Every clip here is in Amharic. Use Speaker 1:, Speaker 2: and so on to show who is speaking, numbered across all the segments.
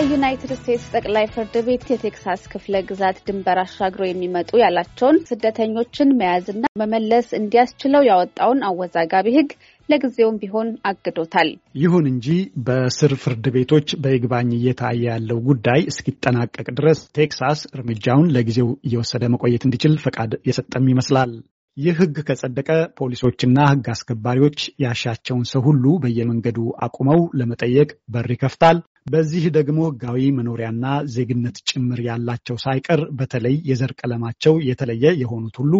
Speaker 1: ከዩናይትድ ስቴትስ ጠቅላይ ፍርድ ቤት የቴክሳስ ክፍለ ግዛት ድንበር አሻግሮ የሚመጡ ያላቸውን ስደተኞችን መያዝና መመለስ እንዲያስችለው ያወጣውን አወዛጋቢ ሕግ ለጊዜውም ቢሆን አግዶታል።
Speaker 2: ይሁን እንጂ በስር ፍርድ ቤቶች በይግባኝ እየታየ ያለው ጉዳይ እስኪጠናቀቅ ድረስ ቴክሳስ እርምጃውን ለጊዜው እየወሰደ መቆየት እንዲችል ፈቃድ የሰጠም ይመስላል። ይህ ህግ ከጸደቀ ፖሊሶችና ህግ አስከባሪዎች ያሻቸውን ሰው ሁሉ በየመንገዱ አቁመው ለመጠየቅ በር ይከፍታል። በዚህ ደግሞ ህጋዊ መኖሪያና ዜግነት ጭምር ያላቸው ሳይቀር በተለይ የዘር ቀለማቸው የተለየ የሆኑት ሁሉ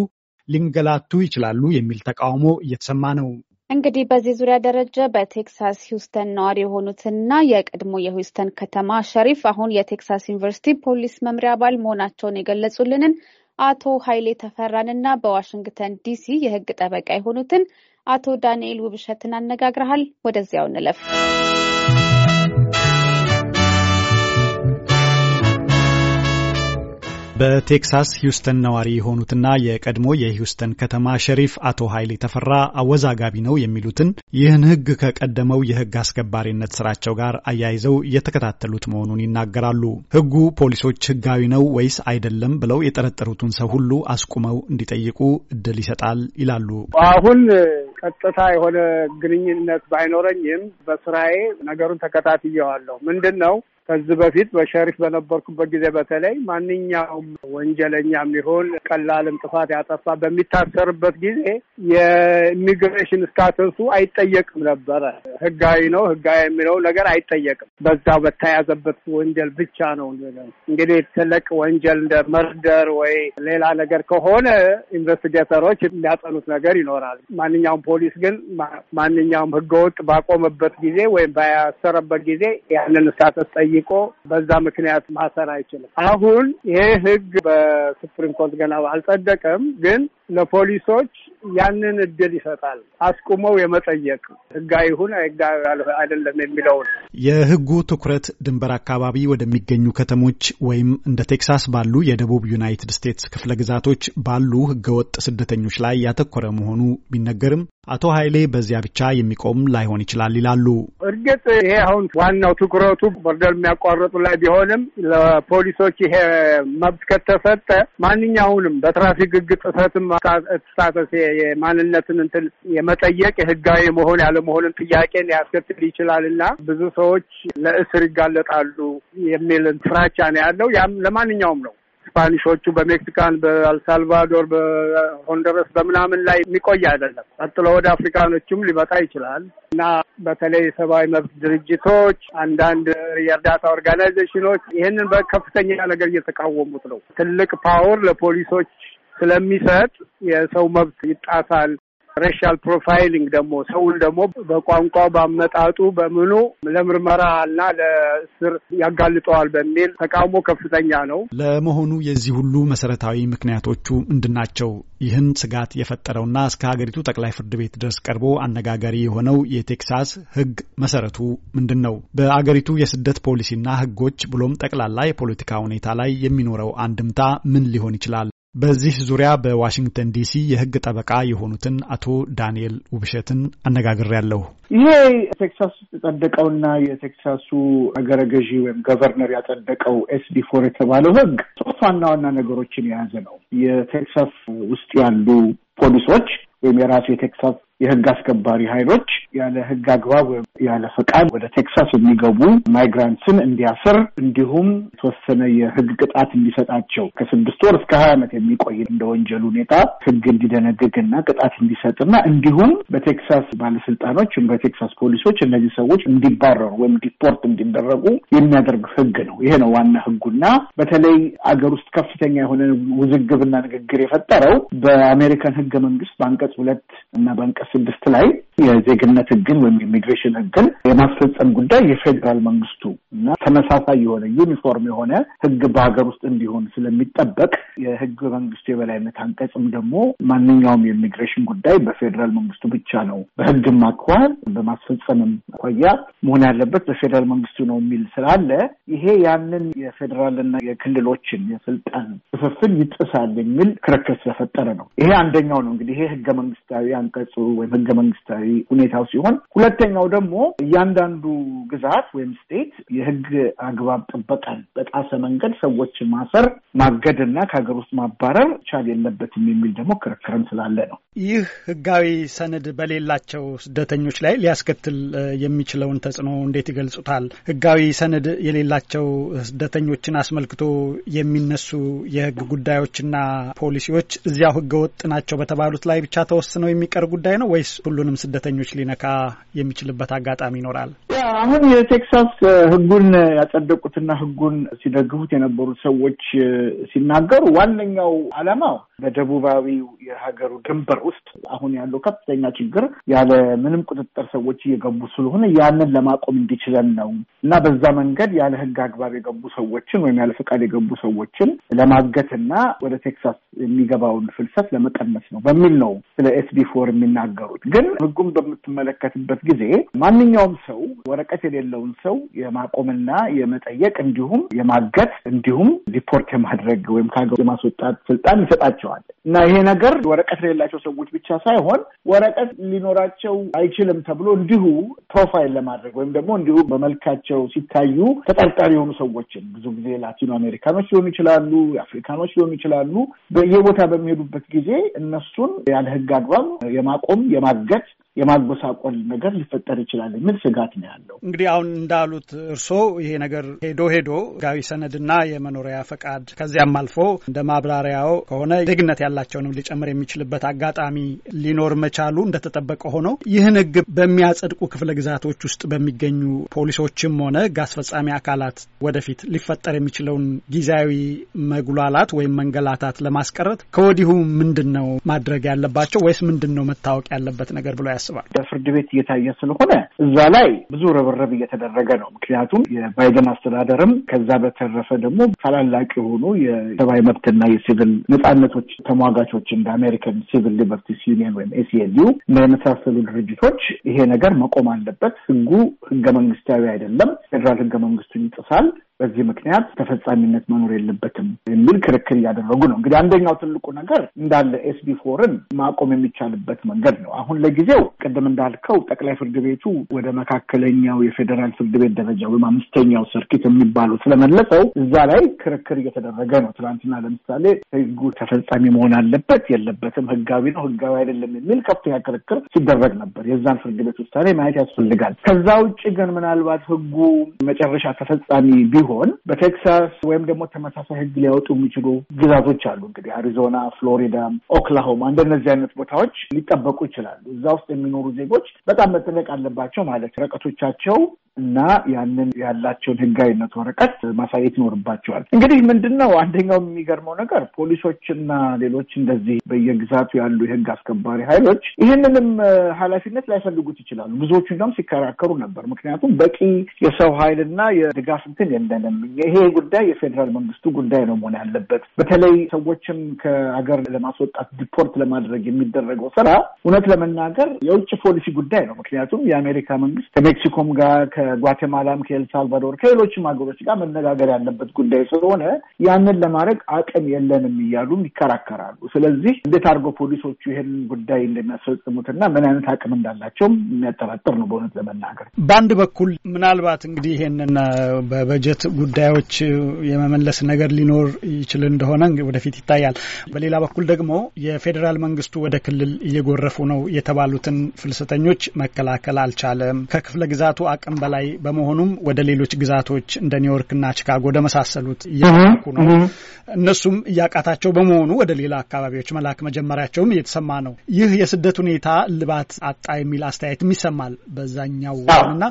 Speaker 2: ሊንገላቱ ይችላሉ የሚል ተቃውሞ እየተሰማ ነው።
Speaker 1: እንግዲህ በዚህ ዙሪያ ደረጃ በቴክሳስ ሂውስተን ነዋሪ የሆኑትና የቀድሞ የሂውስተን ከተማ ሸሪፍ አሁን የቴክሳስ ዩኒቨርሲቲ ፖሊስ መምሪያ አባል መሆናቸውን የገለጹልንን አቶ ኃይሌ ተፈራንና በዋሽንግተን ዲሲ የህግ ጠበቃ የሆኑትን አቶ ዳንኤል ውብሸትን አነጋግረሃል። ወደዚያው እንለፍ።
Speaker 2: በቴክሳስ ሂውስተን ነዋሪ የሆኑትና የቀድሞ የሂውስተን ከተማ ሸሪፍ አቶ ኃይሌ ተፈራ አወዛጋቢ ነው የሚሉትን ይህን ሕግ ከቀደመው የሕግ አስከባሪነት ስራቸው ጋር አያይዘው እየተከታተሉት መሆኑን ይናገራሉ። ሕጉ ፖሊሶች ሕጋዊ ነው ወይስ አይደለም ብለው የጠረጠሩትን ሰው ሁሉ አስቁመው እንዲጠይቁ እድል ይሰጣል ይላሉ።
Speaker 1: አሁን ቀጥታ የሆነ ግንኙነት ባይኖረኝም በስራዬ ነገሩን ተከታትየዋለሁ። ምንድን ነው ከዚህ በፊት በሸሪፍ በነበርኩበት ጊዜ በተለይ ማንኛውም ወንጀለኛም ይሁን ቀላልም ጥፋት ያጠፋ በሚታሰርበት ጊዜ የኢሚግሬሽን ስታተሱ አይጠየቅም ነበረ። ህጋዊ ነው ህጋዊ የሚለው ነገር አይጠየቅም። በዛው በተያዘበት ወንጀል ብቻ ነው። እንግዲህ ትልቅ ወንጀል እንደ መርደር ወይ ሌላ ነገር ከሆነ ኢንቨስቲጌተሮች የሚያጠኑት ነገር ይኖራል። ማንኛውም ፖሊስ ግን ማንኛውም ህገወጥ ባቆመበት ጊዜ ወይም ባያሰረበት ጊዜ ያንን ስታተስ ጠይቆ በዛ ምክንያት ማሰር አይችልም። አሁን ይሄ ህግ በሱፕሪም ኮርት ገና አልጸደቀም፣ ግን ለፖሊሶች ያንን እድል ይሰጣል። አስቁመው የመጠየቅ ህጋዊ ይሁን አይደለም የሚለውን
Speaker 2: የህጉ ትኩረት ድንበር አካባቢ ወደሚገኙ ከተሞች ወይም እንደ ቴክሳስ ባሉ የደቡብ ዩናይትድ ስቴትስ ክፍለ ግዛቶች ባሉ ህገወጥ ስደተኞች ላይ ያተኮረ መሆኑ ቢነገርም አቶ ኃይሌ በዚያ ብቻ የሚቆም ላይሆን ይችላል ይላሉ።
Speaker 1: እርግጥ ይሄ አሁን ዋናው ትኩረቱ ቦርደር የሚያቋርጡ ላይ ቢሆንም ለፖሊሶች ይሄ መብት ከተሰጠ ማንኛውንም በትራፊክ ህግ ጥሰትም ስታተስ የማንነትን እንትን የመጠየቅ የህጋዊ መሆን ያለመሆንን ጥያቄን ሊያስከትል ይችላል እና ብዙ ሰዎች ለእስር ይጋለጣሉ የሚል ፍራቻ ነው ያለው። ያም ለማንኛውም ነው። ስፓኒሾቹ በሜክሲካን፣ በአልሳልቫዶር፣ በሆንደረስ በምናምን ላይ የሚቆይ አይደለም። ቀጥሎ ወደ አፍሪካኖቹም ሊመጣ ይችላል እና በተለይ የሰብአዊ መብት ድርጅቶች፣ አንዳንድ የእርዳታ ኦርጋናይዜሽኖች ይህንን በከፍተኛ ነገር እየተቃወሙት ነው። ትልቅ ፓወር ለፖሊሶች ስለሚሰጥ የሰው መብት ይጣሳል። ሬሻል ፕሮፋይሊንግ ደግሞ ሰውን ደግሞ በቋንቋ በአመጣጡ በምኑ ለምርመራ እና ለእስር ያጋልጠዋል በሚል ተቃውሞ ከፍተኛ ነው።
Speaker 2: ለመሆኑ የዚህ ሁሉ መሰረታዊ ምክንያቶቹ ምንድን ናቸው? ይህን ስጋት የፈጠረውና እስከ ሀገሪቱ ጠቅላይ ፍርድ ቤት ድረስ ቀርቦ አነጋጋሪ የሆነው የቴክሳስ ሕግ መሰረቱ ምንድን ነው? በአገሪቱ የስደት ፖሊሲና ሕጎች ብሎም ጠቅላላ የፖለቲካ ሁኔታ ላይ የሚኖረው አንድምታ ምን ሊሆን ይችላል? በዚህ ዙሪያ በዋሽንግተን ዲሲ የህግ ጠበቃ የሆኑትን አቶ ዳንኤል ውብሸትን አነጋግሬያለሁ።
Speaker 3: ይሄ ቴክሳስ ውስጥ የጸደቀውና የቴክሳሱ አገረ ገዢ ወይም ገቨርነር ያጸደቀው ኤስዲ ፎር የተባለው ህግ ሶስት ዋና ዋና ነገሮችን የያዘ ነው። የቴክሳስ ውስጥ ያሉ ፖሊሶች ወይም የራሱ የቴክሳስ የህግ አስከባሪ ኃይሎች ያለ ህግ አግባብ ያለ ፈቃድ ወደ ቴክሳስ የሚገቡ ማይግራንትስን እንዲያስር እንዲሁም የተወሰነ የህግ ቅጣት እንዲሰጣቸው ከስድስት ወር እስከ ሀያ ዓመት የሚቆይ እንደ ወንጀል ሁኔታ ህግ እንዲደነግግና ቅጣት እንዲሰጥና እንዲሁም በቴክሳስ ባለስልጣኖች በቴክሳስ ፖሊሶች እነዚህ ሰዎች እንዲባረሩ ወይም ዲፖርት እንዲደረጉ የሚያደርግ ህግ ነው። ይሄ ነው ዋና ህጉና በተለይ አገር ውስጥ ከፍተኛ የሆነ ውዝግብና ንግግር የፈጠረው በአሜሪካን ህገ መንግስት በአንቀጽ ሁለት እና በአንቀጽ ስድስት ላይ የዜግነት ህግን ወይም የኢሚግሬሽን ህግን የማስፈጸም ጉዳይ የፌዴራል መንግስቱ እና ተመሳሳይ የሆነ ዩኒፎርም የሆነ ህግ በሀገር ውስጥ እንዲሆን ስለሚጠበቅ የህግ መንግስቱ የበላይነት አንቀጽም ደግሞ ማንኛውም የኢሚግሬሽን ጉዳይ በፌዴራል መንግስቱ ብቻ ነው በህግም አኳኋን በማስፈጸምም አኳያ መሆን ያለበት በፌዴራል መንግስቱ ነው የሚል ስላለ ይሄ ያንን የፌዴራልና የክልሎችን የስልጣን ክፍፍል ይጥሳል የሚል ክርክር ስለፈጠረ ነው። ይሄ አንደኛው ነው። እንግዲህ ይሄ ህገ መንግስታዊ አንቀጹ ወይም ህገ መንግስታዊ ሁኔታው ሲሆን፣ ሁለተኛው ደግሞ እያንዳንዱ ግዛት ወይም ስቴት የህግ አግባብ ጥበቃን በጣሰ መንገድ ሰዎችን ማሰር፣ ማገድ እና ከሀገር ውስጥ ማባረር ቻል የለበትም የሚል ደግሞ ክርክርም ስላለ ነው።
Speaker 2: ይህ ህጋዊ ሰነድ በሌላቸው ስደተኞች ላይ ሊያስከትል የሚችለውን ተጽዕኖ እንዴት ይገልጹታል? ህጋዊ ሰነድ የሌላቸው ስደተኞችን አስመልክቶ የሚነሱ የህግ ጉዳዮችና ፖሊሲዎች እዚያው ህገወጥ ናቸው በተባሉት ላይ ብቻ ተወስነው የሚቀር ጉዳይ ነው ወይስ ሁሉንም ስደተኞች ሊነካ የሚችልበት አጋጣሚ ይኖራል?
Speaker 1: አሁን የቴክሳስ
Speaker 3: ህጉን ያጸደቁትና ህጉን ሲደግፉት የነበሩት ሰዎች ሲናገሩ ዋነኛው ዓላማው በደቡባዊው የሀገሩ ድንበር ውስጥ አሁን ያለው ከፍተኛ ችግር ያለ ምንም ቁጥጥር ሰዎች እየገቡ ስለሆነ ያንን ለማቆም እንዲችለን ነው እና በዛ መንገድ ያለ ህግ አግባብ የገቡ ሰዎችን ወይም ያለ ፈቃድ የገቡ ሰዎችን ለማገትና ወደ ቴክሳስ የሚገባውን ፍልሰት ለመቀነስ ነው በሚል ነው ስለ ኤስቢ ፎር የሚናገሩት። ግን ህጉም በምትመለከትበት ጊዜ ማንኛውም ሰው ወረቀት የሌለውን ሰው የማቆምና የመጠየቅ እንዲሁም የማገት እንዲሁም ሪፖርት የማድረግ ወይም ከሀገር የማስወጣት ስልጣን ይሰጣቸዋል እና ይሄ ነገር ወረቀት የሌላቸው ሰዎች ብቻ ሳይሆን ወረቀት ሊኖራቸው አይችልም ተብሎ እንዲሁ ፕሮፋይል ለማድረግ ወይም ደግሞ እንዲሁ በመልካቸው ሲታዩ ተጠርጣሪ የሆኑ ሰዎችን ብዙ ጊዜ ላቲኖ አሜሪካኖች ሊሆኑ ይችላሉ፣ የአፍሪካኖች ሊሆኑ ይችላሉ። በየቦታ በሚሄዱበት ጊዜ እነሱን ያለ ህግ አግባብ የማቆም የማገት የማጎሳቆል ነገር ሊፈጠር ይችላል የሚል ስጋት ነው
Speaker 2: ያለው። እንግዲህ አሁን እንዳሉት እርስዎ ይሄ ነገር ሄዶ ሄዶ ህጋዊ ሰነድና የመኖሪያ ፈቃድ ከዚያም አልፎ እንደ ማብራሪያው ከሆነ ዜግነት ያላቸውንም ሊጨምር የሚችልበት አጋጣሚ ሊኖር መቻሉ እንደተጠበቀ ሆኖ ይህን ህግ በሚያጸድቁ ክፍለ ግዛቶች ውስጥ በሚገኙ ፖሊሶችም ሆነ ህግ አስፈጻሚ አካላት ወደፊት ሊፈጠር የሚችለውን ጊዜያዊ መጉላላት ወይም መንገላታት ለማስቀረት ከወዲሁ ምንድን ነው ማድረግ ያለባቸው ወይስ ምንድን ነው መታወቅ ያለበት ነገር ብሎ ያስባል? በፍርድ ቤት እየታየ ስለሆነ
Speaker 3: እዛ ላይ ብዙ ርብርብ እየተደረገ ነው። ምክንያቱም የባይደን አስተዳደርም ከዛ በተረፈ ደግሞ ታላላቅ የሆኑ የሰብአዊ መብትና የሲቪል ነጻነቶች ተሟጋቾች እንደ አሜሪካን ሲቪል ሊበርቲስ ዩኒየን ወይም ኤሲኤልዩ የመሳሰሉ ድርጅቶች ይሄ ነገር መቆም አለበት፣ ህጉ ህገ መንግስታዊ አይደለም፣ ፌዴራል ህገ መንግስቱን ይጥሳል፣ በዚህ ምክንያት ተፈጻሚነት መኖር የለበትም የሚል ክርክር እያደረጉ ነው። እንግዲህ አንደኛው ትልቁ ነገር እንዳለ ኤስቢ ፎርን ማቆም የሚቻልበት መንገድ ነው። አሁን ለጊዜው ቅድም እንዳልከው ጠቅላይ ፍርድ ቤቱ ወደ መካከለኛው የፌዴራል ፍርድ ቤት ደረጃ ወይም አምስተኛው ሰርኪት የሚባለው ስለመለሰው እዛ ላይ ክርክር እየተደረገ ነው። ትናንትና ለምሳሌ ህጉ ተፈጻሚ መሆን አለበት የለበትም፣ ህጋዊ ነው ህጋዊ አይደለም የሚል ከፍተኛ ክርክር ሲደረግ ነበር። የዛን ፍርድ ቤት ውሳኔ ማየት ያስፈልጋል። ከዛ ውጭ ግን ምናልባት ህጉ መጨረሻ ተፈጻሚ ቢሆን ሲሆን በቴክሳስ ወይም ደግሞ ተመሳሳይ ህግ ሊያወጡ የሚችሉ ግዛቶች አሉ። እንግዲህ አሪዞና፣ ፍሎሪዳ፣ ኦክላሆማ እንደነዚህ አይነት ቦታዎች ሊጠበቁ ይችላሉ። እዛ ውስጥ የሚኖሩ ዜጎች በጣም መጠበቅ አለባቸው ማለት ረቀቶቻቸው እና ያንን ያላቸውን ህጋዊነት ወረቀት ማሳየት ይኖርባቸዋል። እንግዲህ ምንድን ነው አንደኛው የሚገርመው ነገር ፖሊሶች እና ሌሎች እንደዚህ በየግዛቱ ያሉ የህግ አስከባሪ ኃይሎች ይህንንም ኃላፊነት ላይፈልጉት ይችላሉ። ብዙዎቹ እንደውም ሲከራከሩ ነበር። ምክንያቱም በቂ የሰው ኃይልና የድጋፍ እንትን የለንም፣ ይሄ ጉዳይ የፌዴራል መንግስቱ ጉዳይ ነው መሆን ያለበት። በተለይ ሰዎችም ከሀገር ለማስወጣት ዲፖርት ለማድረግ የሚደረገው ስራ እውነት ለመናገር የውጭ ፖሊሲ ጉዳይ ነው። ምክንያቱም የአሜሪካ መንግስት ከሜክሲኮም ጋር ከጓቴማላም ከኤልሳልቫዶር ከሌሎችም ሀገሮች ጋር መነጋገር ያለበት ጉዳይ ስለሆነ ያንን ለማድረግ አቅም የለንም እያሉም ይከራከራሉ። ስለዚህ እንዴት አድርገው ፖሊሶቹ ይህንን ጉዳይ እንደሚያስፈጽሙትና ምን አይነት አቅም እንዳላቸውም የሚያጠራጥር ነው በእውነት ለመናገር።
Speaker 2: በአንድ በኩል ምናልባት እንግዲህ ይህንን በበጀት ጉዳዮች የመመለስ ነገር ሊኖር ይችል እንደሆነ ወደፊት ይታያል። በሌላ በኩል ደግሞ የፌዴራል መንግስቱ ወደ ክልል እየጎረፉ ነው የተባሉትን ፍልሰተኞች መከላከል አልቻለም ከክፍለ ግዛቱ አቅም በላይ ላይ በመሆኑም ወደ ሌሎች ግዛቶች እንደ ኒውዮርክና ቺካጎ ወደ መሳሰሉት እያላኩ ነው። እነሱም እያቃታቸው በመሆኑ ወደ ሌላ አካባቢዎች መላክ መጀመሪያቸውም እየተሰማ ነው። ይህ የስደት ሁኔታ ልባት አጣ የሚል አስተያየትም ይሰማል በዛኛው እና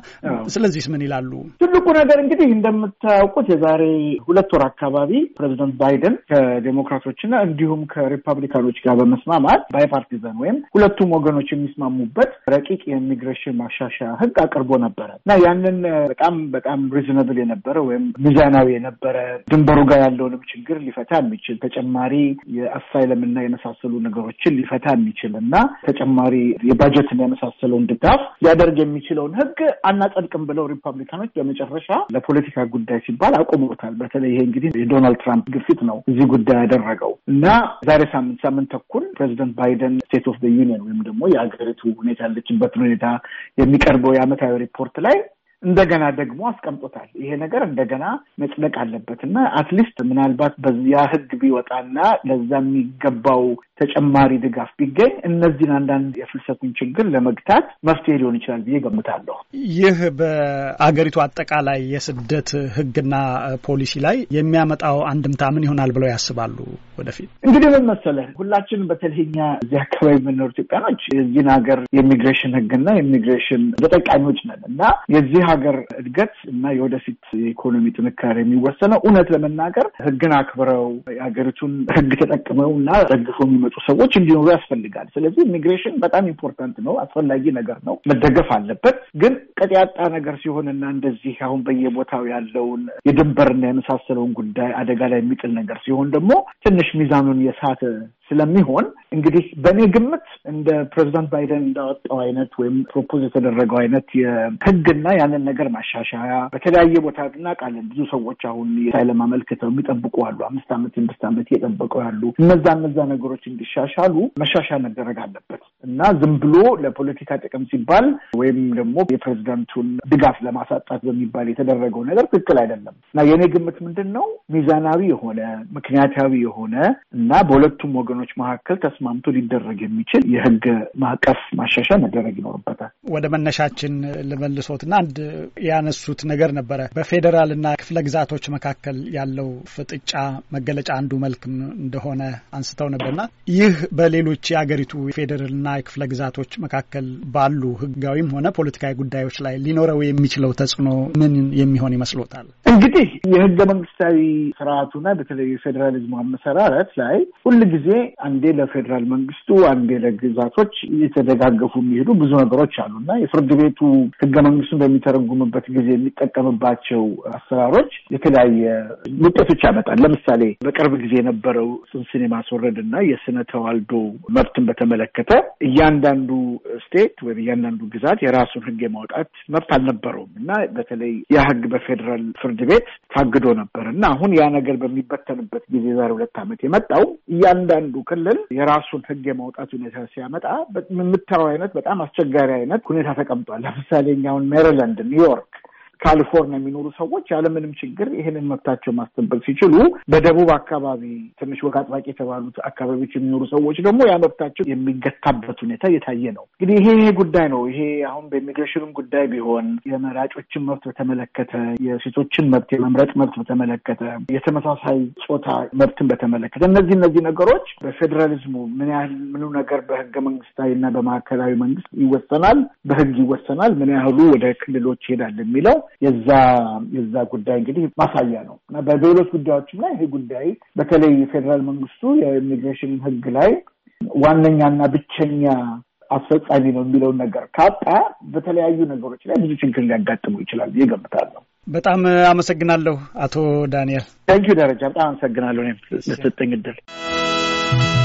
Speaker 2: ስለዚህስ ምን ይላሉ?
Speaker 3: ትልቁ ነገር እንግዲህ እንደምታውቁት የዛሬ ሁለት ወር አካባቢ ፕሬዚደንት ባይደን ከዴሞክራቶችና እንዲሁም ከሪፐብሊካኖች ጋር በመስማማት ባይፓርቲዘን ወይም ሁለቱም ወገኖች የሚስማሙበት ረቂቅ የኢሚግሬሽን ማሻሻያ ህግ አቅርቦ ነበረ እና ያንን በጣም በጣም ሪዝነብል የነበረ ወይም ሚዛናዊ የነበረ ድንበሩ ጋር ያለውንም ችግር ሊፈታ የሚችል ተጨማሪ የአሳይለምና የመሳሰሉ ነገሮችን ሊፈታ የሚችል እና ተጨማሪ የባጀትን የመሳሰለውን ድጋፍ ሊያደርግ የሚችለውን ህግ አናጸድቅም ብለው ሪፐብሊካኖች በመጨረሻ ለፖለቲካ ጉዳይ ሲባል አቁሞታል። በተለይ ይሄ እንግዲህ የዶናልድ ትራምፕ ግፊት ነው እዚህ ጉዳይ ያደረገው እና ዛሬ ሳምንት ሳምንት ተኩል ፕሬዚደንት ባይደን ስቴት ኦፍ ዩኒየን ወይም ደግሞ የሀገሪቱ ሁኔታ ያለችበትን ሁኔታ የሚቀርበው የዓመታዊ ሪፖርት ላይ እንደገና ደግሞ አስቀምጦታል። ይሄ ነገር እንደገና መጽደቅ አለበት እና አትሊስት ምናልባት በዚያ ህግ ቢወጣና ለዛ የሚገባው ተጨማሪ ድጋፍ ቢገኝ እነዚህን አንዳንድ የፍልሰቱን ችግር ለመግታት መፍትሄ ሊሆን ይችላል ብዬ ገምታለሁ።
Speaker 2: ይህ በአገሪቱ አጠቃላይ የስደት ህግና ፖሊሲ ላይ የሚያመጣው አንድምታ ምን ይሆናል ብለው ያስባሉ? ወደፊት
Speaker 3: እንግዲህ ምን መሰለህ፣ ሁላችን በተለይ እኛ እዚህ አካባቢ የምንኖር ኢትዮጵያኖች የዚህን ሀገር የኢሚግሬሽን ህግና የኢሚግሬሽን ተጠቃሚዎች ነን እና የዚህ ሀገር እድገት እና የወደፊት የኢኮኖሚ ጥንካሬ የሚወሰነው እውነት ለመናገር ህግን አክብረው የሀገሪቱን ህግ ተጠቅመው እና ደግፎ የሚመጡ ሰዎች እንዲኖሩ ያስፈልጋል። ስለዚህ ኢሚግሬሽን በጣም ኢምፖርታንት ነው፣ አስፈላጊ ነገር ነው፣ መደገፍ አለበት። ግን ቀጥያጣ ነገር ሲሆንና እንደዚህ አሁን በየቦታው ያለውን የድንበርና የመሳሰለውን ጉዳይ አደጋ ላይ የሚጥል ነገር ሲሆን ደግሞ ትንሽ ሚዛኑን የሳተ ስለሚሆን እንግዲህ በእኔ ግምት እንደ ፕሬዚዳንት ባይደን እንዳወጣው አይነት ወይም ፕሮፖዝ የተደረገው አይነት የህግና ያንን ነገር ማሻሻያ በተለያየ ቦታ እናውቃለን። ብዙ ሰዎች አሁን የሳይለም አመልክተው የሚጠብቁ አሉ። አምስት ዓመት ስድስት ዓመት እየጠበቁ ያሉ እነዛ እነዛ ነገሮች እንዲሻሻሉ መሻሻል መደረግ አለበት እና ዝም ብሎ ለፖለቲካ ጥቅም ሲባል ወይም ደግሞ የፕሬዚዳንቱን ድጋፍ ለማሳጣት በሚባል የተደረገው ነገር ትክክል አይደለም እና የእኔ ግምት ምንድን ነው ሚዛናዊ የሆነ ምክንያታዊ የሆነ እና በሁለቱም ወገኖች ወገኖች መካከል ተስማምቶ ሊደረግ የሚችል የህግ ማዕቀፍ ማሻሻል መደረግ
Speaker 2: ይኖርበታል። ወደ መነሻችን ልመልሶትና አንድ ያነሱት ነገር ነበረ በፌዴራል ክፍለ ግዛቶች መካከል ያለው ፍጥጫ መገለጫ አንዱ መልክ እንደሆነ አንስተው ነበርና ይህ በሌሎች የአገሪቱ ፌዴራልና ክፍለ ግዛቶች መካከል ባሉ ህጋዊም ሆነ ፖለቲካዊ ጉዳዮች ላይ ሊኖረው የሚችለው ተጽዕኖ ምን የሚሆን ይመስሎታል?
Speaker 3: እንግዲህ የህገ መንግስታዊ ስርዓቱና በተለይ የፌዴራሊዝሙ አመሰራረት ላይ ጊዜ አንዴ ለፌዴራል መንግስቱ፣ አንዴ ለግዛቶች እየተደጋገፉ የሚሄዱ ብዙ ነገሮች አሉ እና የፍርድ ቤቱ ህገ መንግስቱን በሚተረጉምበት ጊዜ የሚጠቀምባቸው አሰራሮች የተለያየ ውጤቶች ያመጣል። ለምሳሌ በቅርብ ጊዜ የነበረው ጽንስን የማስወረድ እና የስነ ተዋልዶ መብትን በተመለከተ እያንዳንዱ ስቴት ወይም እያንዳንዱ ግዛት የራሱን ህግ የማውጣት መብት አልነበረውም እና በተለይ ያ ህግ በፌዴራል ፍርድ ቤት ታግዶ ነበር እና አሁን ያ ነገር በሚበተንበት ጊዜ ዛሬ ሁለት ዓመት የመጣው እያንዳንዱ ክልል የራሱን ህግ የማውጣት ሁኔታ ሲያመጣ የምታየው አይነት በጣም አስቸጋሪ አይነት ሁኔታ ተቀምጧል። ለምሳሌ እኛውን ሜሪላንድ፣ ኒውዮርክ ካሊፎርኒያ የሚኖሩ ሰዎች ያለምንም ችግር ይህንን መብታቸው ማስጠበቅ ሲችሉ፣ በደቡብ አካባቢ ትንሽ ወግ አጥባቂ የተባሉት አካባቢዎች የሚኖሩ ሰዎች ደግሞ ያ መብታቸው የሚገታበት ሁኔታ እየታየ ነው። እንግዲህ ይሄ ጉዳይ ነው። ይሄ አሁን በኢሚግሬሽንም ጉዳይ ቢሆን የመራጮችን መብት በተመለከተ፣ የሴቶችን መብት የመምረጥ መብት በተመለከተ፣ የተመሳሳይ ጾታ መብትን በተመለከተ እነዚህ እነዚህ ነገሮች በፌዴራሊዝሙ ምን ያህል ምኑ ነገር በህገ መንግስታዊ እና በማዕከላዊ መንግስት ይወሰናል፣ በህግ ይወሰናል፣ ምን ያህሉ ወደ ክልሎች ይሄዳል የሚለው የዛ የዛ ጉዳይ እንግዲህ ማሳያ ነው እና በሌሎች ጉዳዮችም ላይ ይሄ ጉዳይ በተለይ የፌዴራል መንግስቱ የኢሚግሬሽን ህግ ላይ ዋነኛና ብቸኛ አስፈጻሚ ነው የሚለውን ነገር ካጣ በተለያዩ ነገሮች ላይ ብዙ ችግር ሊያጋጥሙ ይችላል ይገምታለሁ።
Speaker 2: በጣም አመሰግናለሁ አቶ ዳንኤል። ታንኪዩ ደረጃ፣ በጣም አመሰግናለሁ ለሰጠኝ
Speaker 3: እድል።